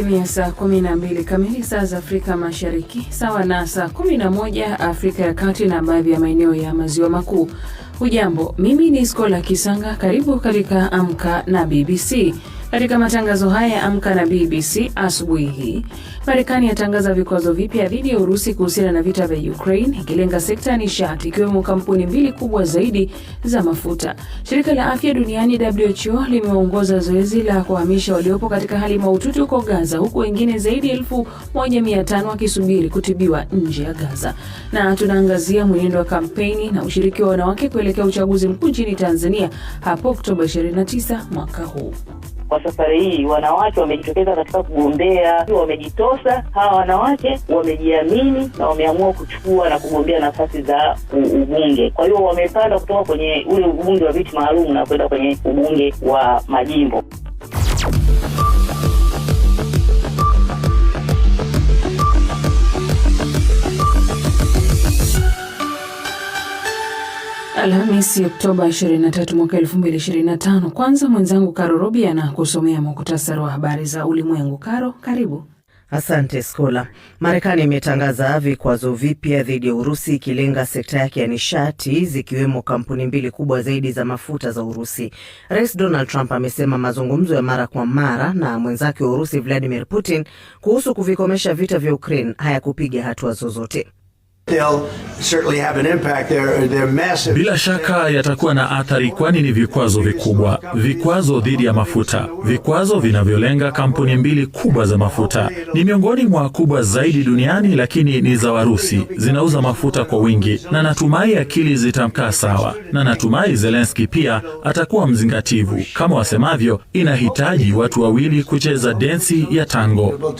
imetimia saa 12 kamili saa za Afrika Mashariki, sawa na saa 11 Afrika ya Kati na baadhi ya maeneo ya maziwa makuu. Hujambo, mimi ni Skola Kisanga, karibu katika Amka na BBC. Katika matangazo haya ya Amka na BBC asubuhi hii, Marekani yatangaza vikwazo vipya dhidi ya Urusi kuhusiana na vita vya Ukraine, ikilenga sekta ya nishati, ikiwemo kampuni mbili kubwa zaidi za mafuta. Shirika la afya duniani WHO limeongoza zoezi la kuhamisha waliopo katika hali mahututi huko Gaza, huku wengine zaidi ya elfu moja mia tano wakisubiri kutibiwa nje ya Gaza. Na tunaangazia mwenendo wa kampeni na ushiriki wa wanawake kuelekea uchaguzi mkuu nchini Tanzania hapo Oktoba 29 mwaka huu kwa safari hii wanawake wamejitokeza katika kugombea, wamejitosa. Hawa wanawake wamejiamini na wameamua kuchukua na kugombea nafasi za ubunge. Kwa hiyo wamepanda kutoka kwenye ule ubunge wa viti maalum na kwenda kwenye ubunge wa majimbo. Alhamisi Oktoba 23 mwaka 2025. Kwanza mwenzangu Karo Robi anakusomea muktasari wa habari za ulimwengu. Karo, karibu. Asante Skola. Marekani imetangaza vikwazo vipya dhidi ya Urusi ikilenga sekta yake ya nishati zikiwemo kampuni mbili kubwa zaidi za mafuta za Urusi. Rais Donald Trump amesema mazungumzo ya mara kwa mara na mwenzake wa Urusi Vladimir Putin kuhusu kuvikomesha vita vya Ukraine hayakupiga hatua zozote. Bila shaka yatakuwa na athari, kwani ni vikwazo vikubwa, vikwazo dhidi ya mafuta, vikwazo vinavyolenga kampuni mbili kubwa za mafuta. Ni miongoni mwa kubwa zaidi duniani, lakini ni za Warusi, zinauza mafuta kwa wingi, na natumai akili zitamkaa sawa, na natumai zelenski pia atakuwa mzingativu. Kama wasemavyo, inahitaji watu wawili kucheza densi ya tango.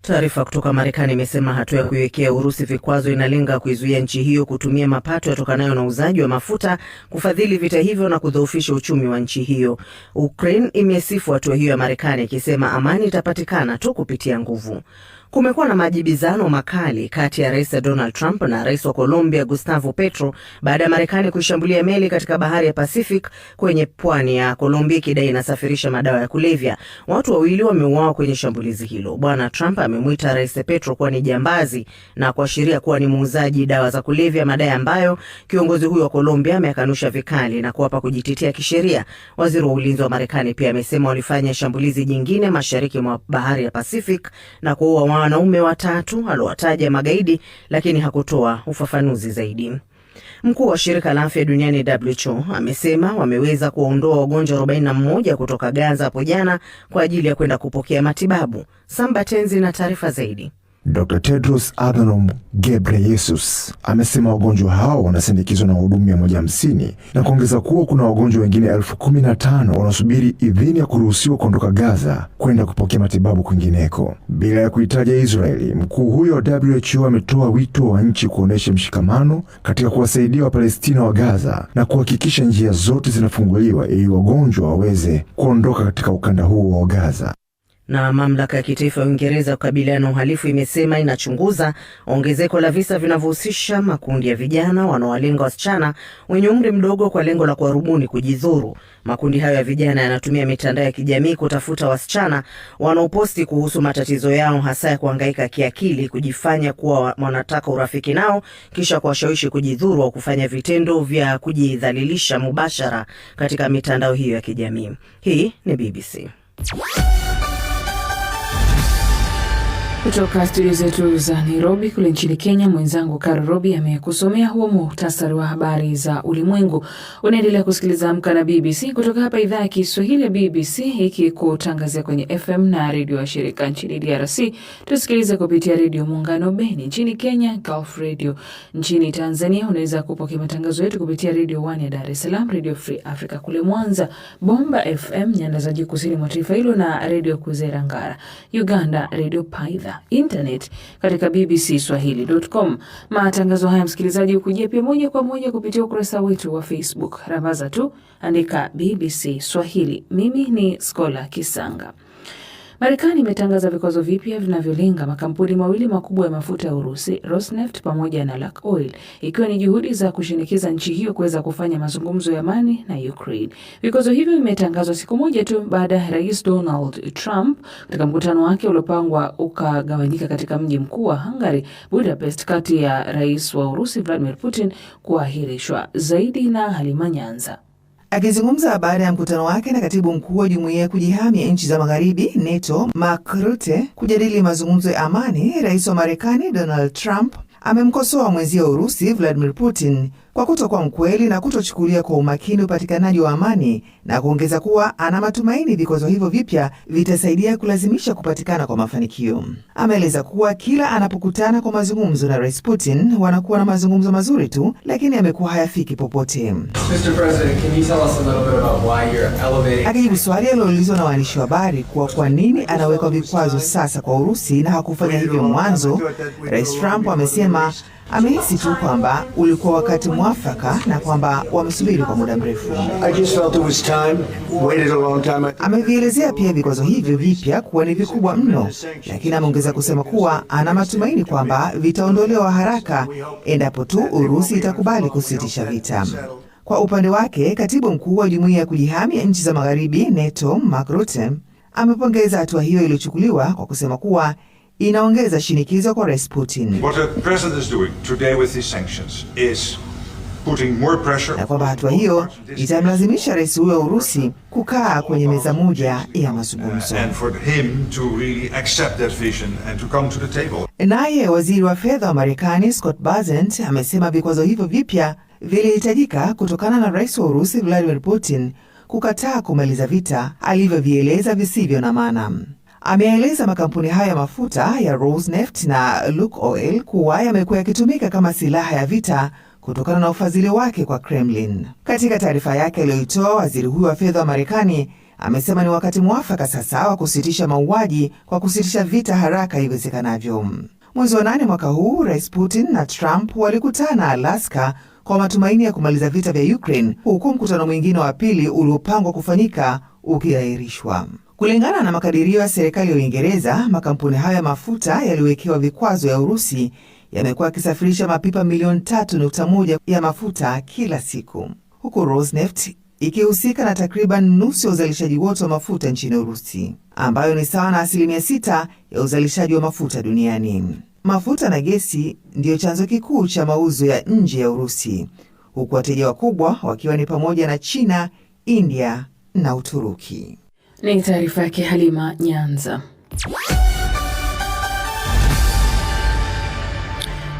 Taarifa kutoka Marekani imesema hatua ya kuiwekea Urusi vikwazo inalenga kuizuia nchi hiyo kutumia mapato yatokanayo na uuzaji wa mafuta kufadhili vita hivyo na kudhoofisha uchumi wa nchi hiyo. Ukraine imesifu hatua hiyo ya Marekani ikisema amani itapatikana tu kupitia nguvu. Kumekuwa na majibizano makali kati ya Rais Donald Trump na Rais wa Colombia Gustavo Petro baada ya Marekani kuishambulia meli katika bahari ya Pacific kwenye pwani ya Colombia ikidai inasafirisha madawa ya kulevya. Watu wawili wameuawa kwenye shambulizi hilo. Bwana Trump amemwita Rais Petro kuwa ni jambazi na kuashiria kuwa ni muuzaji dawa za kulevya, madai ambayo kiongozi huyo wa Colombia ameakanusha vikali na kuapa kujitetea kisheria. Waziri wa Ulinzi wa Marekani pia amesema walifanya shambulizi jingine mashariki mwa bahari ya Pacific na kuua wa wanaume watatu aliowataja magaidi, lakini hakutoa ufafanuzi zaidi. Mkuu wa shirika la afya duniani WHO amesema wameweza kuwaondoa wagonjwa 41 kutoka Gaza hapo jana kwa ajili ya kwenda kupokea matibabu. Samba Tenzi na taarifa zaidi. Dr. Tedros Adhanom Ghebreyesus amesema wagonjwa hao wanasindikizwa na wahudumu mia moja hamsini na kuongeza kuwa kuna wagonjwa wengine elfu kumi na tano wanaosubiri idhini ya kuruhusiwa kuondoka Gaza kwenda kupokea matibabu kwingineko. Bila ya kuitaja Israeli, mkuu huyo wa WHO ametoa wito wa nchi kuonyesha mshikamano katika kuwasaidia Wapalestina wa Gaza na kuhakikisha njia zote zinafunguliwa ili wagonjwa waweze kuondoka katika ukanda huo wa Gaza. Na mamlaka ya kitaifa ya Uingereza kukabiliana na uhalifu imesema inachunguza ongezeko la visa vinavyohusisha makundi ya vijana wanaowalenga wasichana wenye umri mdogo kwa lengo la kuwarubuni kujidhuru. Makundi hayo ya vijana yanatumia mitandao ya kijamii kutafuta wasichana wanaoposti kuhusu matatizo yao, hasa ya kuhangaika kiakili, kujifanya kuwa wanataka urafiki nao, kisha kuwashawishi kujidhuru au kufanya vitendo vya kujidhalilisha mubashara katika mitandao hiyo ya kijamii. Hii ni BBC. Kutoka studio zetu za Nairobi kule nchini Kenya, mwenzangu Karo Robi amekusomea huo muhtasari wa habari za ulimwengu. Unaendelea kusikiliza Amka na BBC kutoka hapa idhaa ya Kiswahili ya BBC, ikikutangazia kwenye FM na redio wa shirika nchini DRC. Tusikilize kupitia Redio Muungano Beni nchini Kenya, Gulf Radio nchini Tanzania. Unaweza kupokea matangazo yetu kupitia Redio One ya Dar es Salaam, Redio Free Africa kule Mwanza, Bomba FM nyanda za juu kusini mwa taifa hilo, na Redio Kuzera Ngara Uganda, Redio Paidha ya internet katika swahilicom Matangazo haya msikilizaji, hukujia pia moja kwa moja kupitia ukurasa wetu wa Facebook. Rabaza tu andika BBC Swahili. Mimi ni Skola Kisanga. Marekani imetangaza vikwazo vipya vinavyolenga makampuni mawili makubwa ya mafuta ya Urusi, Rosneft pamoja na Luk Oil, ikiwa ni juhudi za kushinikiza nchi hiyo kuweza kufanya mazungumzo ya amani na Ukraine. Vikwazo hivyo vimetangazwa siku moja tu baada ya Rais Donald Trump katika mkutano wake uliopangwa ukagawanyika katika mji mkuu wa Hungary, Budapest, kati ya Rais wa Urusi Vladimir Putin kuahirishwa. Zaidi na Halima Nyanza. Akizungumza baada ya mkutano wake na katibu mkuu wa jumuiya ya kujihami ya nchi za magharibi NATO Mark Rutte kujadili mazungumzo ya amani, rais wa Marekani Donald Trump amemkosoa mwenzie wa Urusi Vladimir Putin kwa kutokuwa mkweli na kutochukulia kwa umakini upatikanaji wa amani, na kuongeza kuwa ana matumaini vikwazo hivyo vipya vitasaidia kulazimisha kupatikana kwa mafanikio. Ameeleza kuwa kila anapokutana kwa mazungumzo na Rais Putin wanakuwa na mazungumzo mazuri tu, lakini amekuwa hayafiki popote. Akijibu swali aliloulizwa na waandishi wa habari kuwa kwa nini anawekwa vikwazo sasa kwa Urusi na hakufanya hivyo mwanzo, Rais Trump amesema amehisi tu kwamba ulikuwa wakati mwafaka na kwamba wamesubiri kwa muda mrefu. Amevielezea pia vikwazo hivyo vipya kuwa ni vikubwa mno, lakini ameongeza kusema kuwa ana matumaini kwamba vitaondolewa haraka endapo tu Urusi itakubali kusitisha vita. Kwa upande wake, katibu mkuu wa jumuiya ya kujihami ya nchi za magharibi NATO Mark Rutte amepongeza hatua hiyo iliyochukuliwa kwa kusema kuwa inaongeza shinikizo kwa Rasputin na kwamba hatua hiyo itamlazimisha rais huyo wa Urusi kukaa kwenye meza moja ya mazungumzo. Naye waziri wa fedha wa Marekani Scott Bazant amesema vikwazo hivyo vipya vilihitajika kutokana na rais wa Urusi Vladimir Putin kukataa kumaliza vita alivyovieleza visivyo na maana ameeleza makampuni hayo ya mafuta ya Rosneft na Lukoil kuwa yamekuwa yakitumika kama silaha ya vita kutokana na ufadhili wake kwa Kremlin. Katika taarifa yake aliyoitoa, waziri huyo wa fedha wa Marekani amesema ni wakati mwafaka sasa wa kusitisha mauaji kwa kusitisha vita haraka iwezekanavyo. Mwezi wa nane mwaka huu, Rais Putin na Trump walikutana Alaska kwa matumaini ya kumaliza vita vya Ukraine, huku mkutano mwingine wa pili uliopangwa kufanyika ukiahirishwa. Kulingana na makadirio ya serikali ya Uingereza, makampuni hayo ya mafuta yaliyowekewa vikwazo ya Urusi yamekuwa yakisafirisha mapipa milioni 3.1 ya mafuta kila siku, huku Rosneft ikihusika na takriban nusu ya uzalishaji wote wa mafuta nchini Urusi, ambayo ni sawa na asilimia 6 ya uzalishaji wa mafuta duniani. Mafuta na gesi ndiyo chanzo kikuu cha mauzo ya nje ya Urusi, huku wateja wakubwa wakiwa ni pamoja na China, India na Uturuki. Ni taarifa yake Halima Nyanza.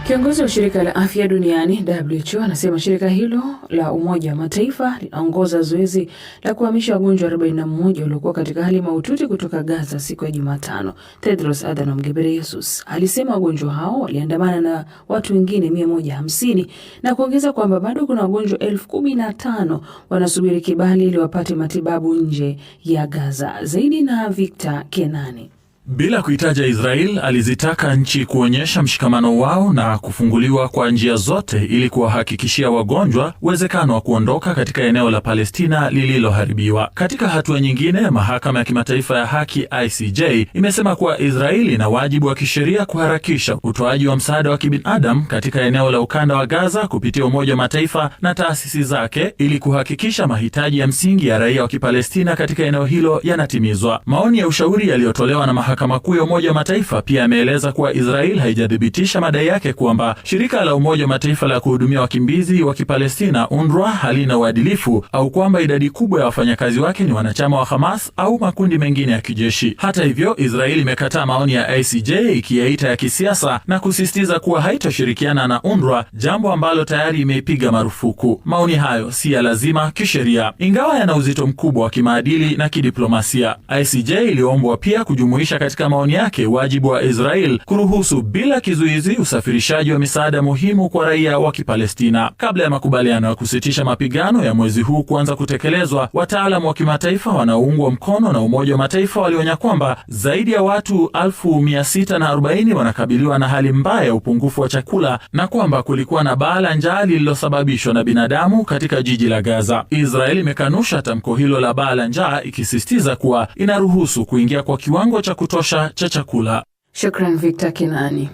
Kiongozi wa shirika la afya duniani WHO anasema shirika hilo la Umoja wa Mataifa linaongoza zoezi la kuhamisha wagonjwa 41 waliokuwa katika hali mahututi kutoka Gaza siku ya Jumatano. Tedros Adhanom Ghebreyesus alisema wagonjwa hao waliandamana na watu wengine 150 na kuongeza kwamba bado kuna wagonjwa 15 wanasubiri kibali ili wapate matibabu nje ya Gaza. Zaidi na Victor Kenani. Bila kuitaja Israel, alizitaka nchi kuonyesha mshikamano wao na kufunguliwa kwa njia zote ili kuwahakikishia wagonjwa uwezekano wa kuondoka katika eneo la Palestina lililoharibiwa. Katika hatua nyingine, mahakama ya kimataifa ya haki ICJ imesema kuwa Israeli ina wajibu wa kisheria kuharakisha utoaji wa msaada wa kibinadamu katika eneo la ukanda wa Gaza kupitia Umoja wa Mataifa na taasisi zake ili kuhakikisha mahitaji ya msingi ya raia wa Kipalestina katika eneo hilo yanatimizwa. Maoni ya ushauri yaliyotolewa na mahakama Mahakama Kuu ya Umoja wa Mataifa pia ameeleza kuwa Israel haijathibitisha madai yake kwamba shirika la Umoja wa Mataifa la kuhudumia wakimbizi wa Kipalestina UNRWA halina uadilifu au kwamba idadi kubwa ya wafanyakazi wake ni wanachama wa Hamas au makundi mengine ya kijeshi. Hata hivyo, Israel imekataa maoni ya ICJ ikiyaita ya kisiasa na kusisitiza kuwa haitoshirikiana na UNRWA, jambo ambalo tayari imeipiga marufuku. Maoni hayo si ya lazima kisheria, ingawa yana uzito mkubwa wa kimaadili na kidiplomasia. ICJ iliombwa pia kujumuisha katika maoni yake wajibu wa Israel kuruhusu bila kizuizi usafirishaji wa misaada muhimu kwa raia wa Kipalestina. Kabla ya makubaliano ya kusitisha mapigano ya mwezi huu kuanza kutekelezwa, wataalamu wa kimataifa wanaoungwa mkono na Umoja wa Mataifa walionya kwamba zaidi ya watu 1640 wanakabiliwa na hali mbaya ya upungufu wa chakula na kwamba kulikuwa na baa la njaa lililosababishwa na binadamu katika jiji la Gaza. Israel imekanusha tamko hilo la baa la njaa, ikisisitiza kuwa inaruhusu kuingia kwa kiwango cha kuto kutosha cha chakula. Shukran Victor Kinani.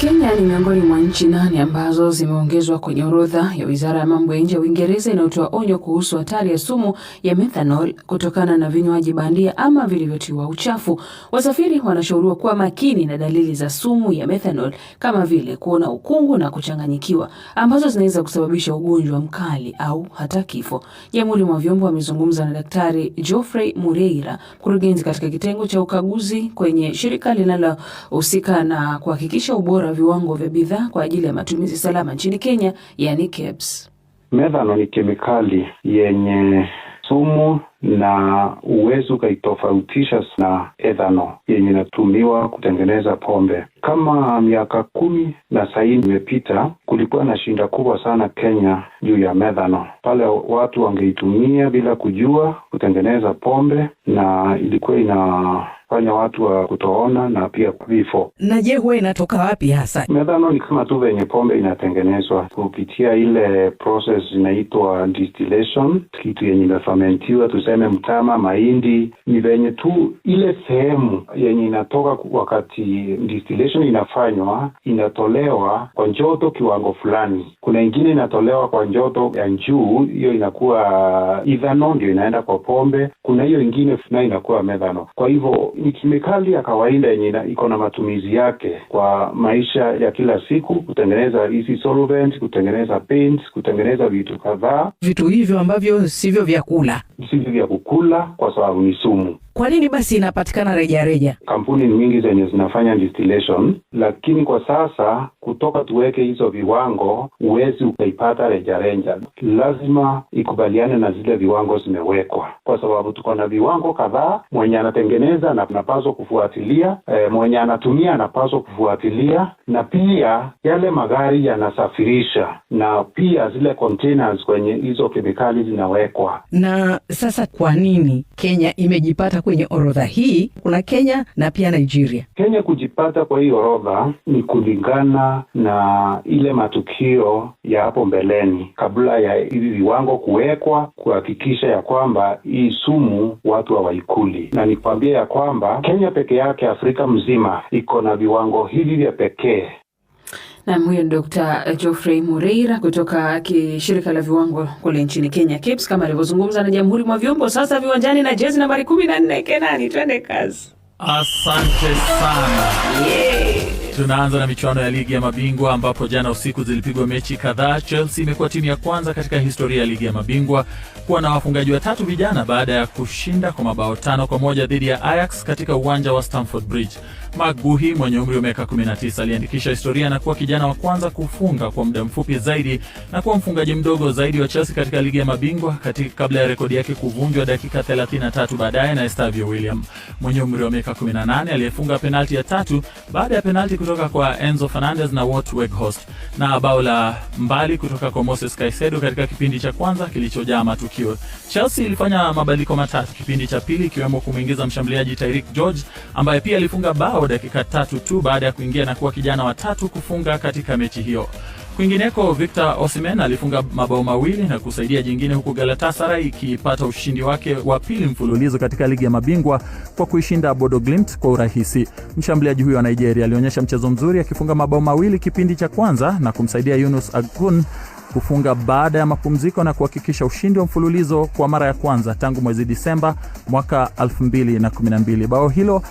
Kenya ni miongoni mwa nchi nane ambazo zimeongezwa kwenye orodha ya Wizara ya Mambo ya Nje ya Uingereza inayotoa onyo kuhusu hatari ya sumu ya methanol kutokana na vinywaji bandia ama vilivyotiwa uchafu. Wasafiri wanashauriwa kuwa makini na dalili za sumu ya methanol kama vile kuona ukungu na kuchanganyikiwa, ambazo zinaweza kusababisha ugonjwa mkali au hata kifo. Jamhuri mwa Vyombo amezungumza na Daktari Geoffrey Mureira, mkurugenzi katika kitengo cha ukaguzi kwenye shirika linalohusika na kuhakikisha ubora ubora wa viwango vya bidhaa kwa ajili ya matumizi salama nchini Kenya, yani KEBS. Methano ni kemikali yenye sumu na uwezo ukaitofautisha na ethano yenye inatumiwa kutengeneza pombe. Kama miaka kumi na saini imepita, kulikuwa na shinda kubwa sana Kenya juu ya methano, pale watu wangeitumia bila kujua kutengeneza pombe, na ilikuwa ina kufanya watu wa kutoona na pia vifo. Na je, huwa inatoka wapi hasa? Methano ni kama tu venye pombe inatengenezwa kupitia ile process inaitwa distillation, kitu yenye imefermentiwa, tuseme mtama, mahindi. Ni venye tu ile sehemu yenye inatoka wakati distillation inafanywa, inatolewa kwa joto kiwango fulani. Kuna ingine inatolewa kwa joto ya juu, hiyo inakuwa uh, ethanol, ndio inaenda kwa pombe. Kuna hiyo ingine nayo inakuwa methano. Kwa hivyo ni kemikali ya kawaida yenye iko na matumizi yake kwa maisha ya kila siku, kutengeneza hizi solvent, kutengeneza paint, kutengeneza vitu kadhaa, vitu hivyo ambavyo sivyo vyakula, sivyo vya kukula kwa sababu ni sumu. Kwa nini basi inapatikana rejareja? Kampuni ni nyingi zenye zinafanya distillation, lakini kwa sasa kutoka tuweke hizo viwango, huwezi ukaipata rejareja, lazima ikubaliane na zile viwango zimewekwa, kwa sababu tuko na viwango kadhaa. Mwenye anatengeneza anapaswa kufuatilia e, mwenye anatumia anapaswa kufuatilia, na pia yale magari yanasafirisha, na pia zile containers kwenye hizo kemikali zinawekwa. Na sasa kwa nini Kenya imejipata kwenye orodha hii kuna Kenya na pia Nigeria. Kenya kujipata kwa hii orodha ni kulingana na ile matukio ya hapo mbeleni kabla ya hivi viwango kuwekwa, kuhakikisha ya kwamba hii sumu watu hawaikuli, na nikwambia ya kwamba Kenya peke yake, Afrika mzima iko na viwango hivi vya pekee Nam, huyo ni Dr. Eh, Geoffrey Mureira kutoka shirika la viwango kule nchini Kenya KIPS, kama alivyozungumza na Jamhuri mwa Vyombo. Sasa viwanjani na jezi nambari kumi na nne Kenani, twende kazi. Asante sana yeah. Tunaanza na michuano ya ligi ya mabingwa ambapo jana usiku zilipigwa mechi kadhaa. Chelsea imekuwa timu ya kwanza katika historia ya ligi ya mabingwa kuwa na wafungaji watatu vijana baada ya kushinda kwa mabao tano kwa moja dhidi ya Ajax katika uwanja wa Stamford Bridge. Maguhi mwenye umri wa miaka 19 aliandikisha historia na kuwa kijana wa kwanza kufunga kwa muda mfupi zaidi na kuwa mfungaji mdogo zaidi wa Chelsea katika ligi ya mabingwa katika kabla ya rekodi yake kuvunjwa dakika 33 baadaye na Estavio William mwenye umri wa miaka 18 aliyefunga penalti ya tatu baada ya penalti kutoka kwa Enzo Fernandez na Wout Weghorst na bao la mbali kutoka kwa Moses Caicedo katika kipindi cha kwanza kilichojaa matukio mafanikio. Chelsea ilifanya mabadiliko matatu kipindi cha pili, ikiwemo kumwingiza mshambuliaji Tyreek George ambaye pia alifunga bao dakika tatu tu baada ya kuingia na kuwa kijana wa tatu kufunga katika mechi hiyo. Kwingineko, Victor Osimhen alifunga mabao mawili na kusaidia jingine, huku Galatasaray ikipata ushindi wake wa pili mfululizo katika ligi ya mabingwa kwa kuishinda Bodo Glimt kwa urahisi. Mshambuliaji huyo wa Nigeria alionyesha mchezo mzuri akifunga mabao mawili kipindi cha kwanza na kumsaidia Yunus Agun kufunga baada ya mapumziko na kuhakikisha ushindi wa mfululizo kwa mara ya kwanza tangu mwezi Disemba mwaka 212 Bao hilo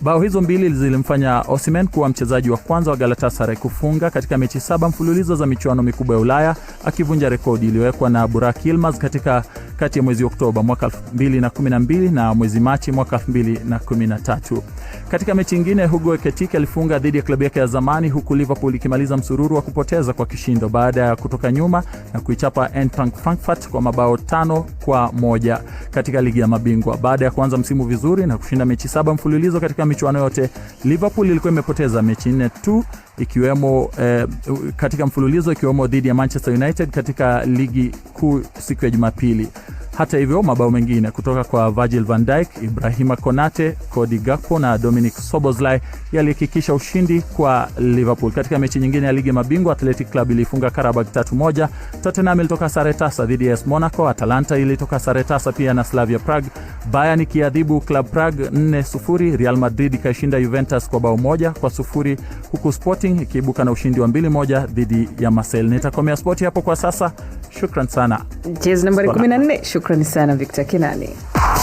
Bao hizo mbili zilimfanya osimen kuwa mchezaji wa kwanza wa Galatasaray kufunga katika mechi saba mfululizo za michuano mikubwa ya Ulaya, akivunja rekodi iliyowekwa na Burak ilmas katika kati ya mwezi Oktoba mwaka 212 na mwezi Machi mwaka 213 Katika mechi ingine Hugo Ekitike alifunga dhidi ya klabu yake ya zamani, huku Liverpool ikimaliza msururu wa kupoteza kwa kishindo baada ya kutoka nyuma na kuichapa Eintracht Frankfurt kwa mabao tano kwa moja katika ligi ya mabingwa baada ya kuanza msimu vizuri na kushinda mechi saba mfululizo katika katika michuano yote Liverpool ilikuwa imepoteza mechi nne tu ikiwemo eh, katika mfululizo ikiwemo dhidi ya Manchester United katika ligi kuu siku ya Jumapili. Hata hivyo, mabao mengine kutoka kwa Virgil van dyk Ibrahima Konate, Cody Gakpo na Dominic soboslay yalihakikisha ushindi kwa Liverpool. Katika mechi nyingine ya ligi mabingwa, Athletic Club ilifunga Karabag 31 moja. Tottenham ilitoka sare tasa dhidi ya AS Monaco, Atalanta ilitoka sare tasa pia na Slavia Prague, bayan ikiadhibu Club Prague 4 Real Madrid ikaishinda Juventus kwa bao moja kwa sufuri, huku Sporting ikiibuka na ushindi wa 21 dhidi ya marcel Nitakomea spoti hapo kwa sasa, shukran sana. Shukrani sana Victor Kinani.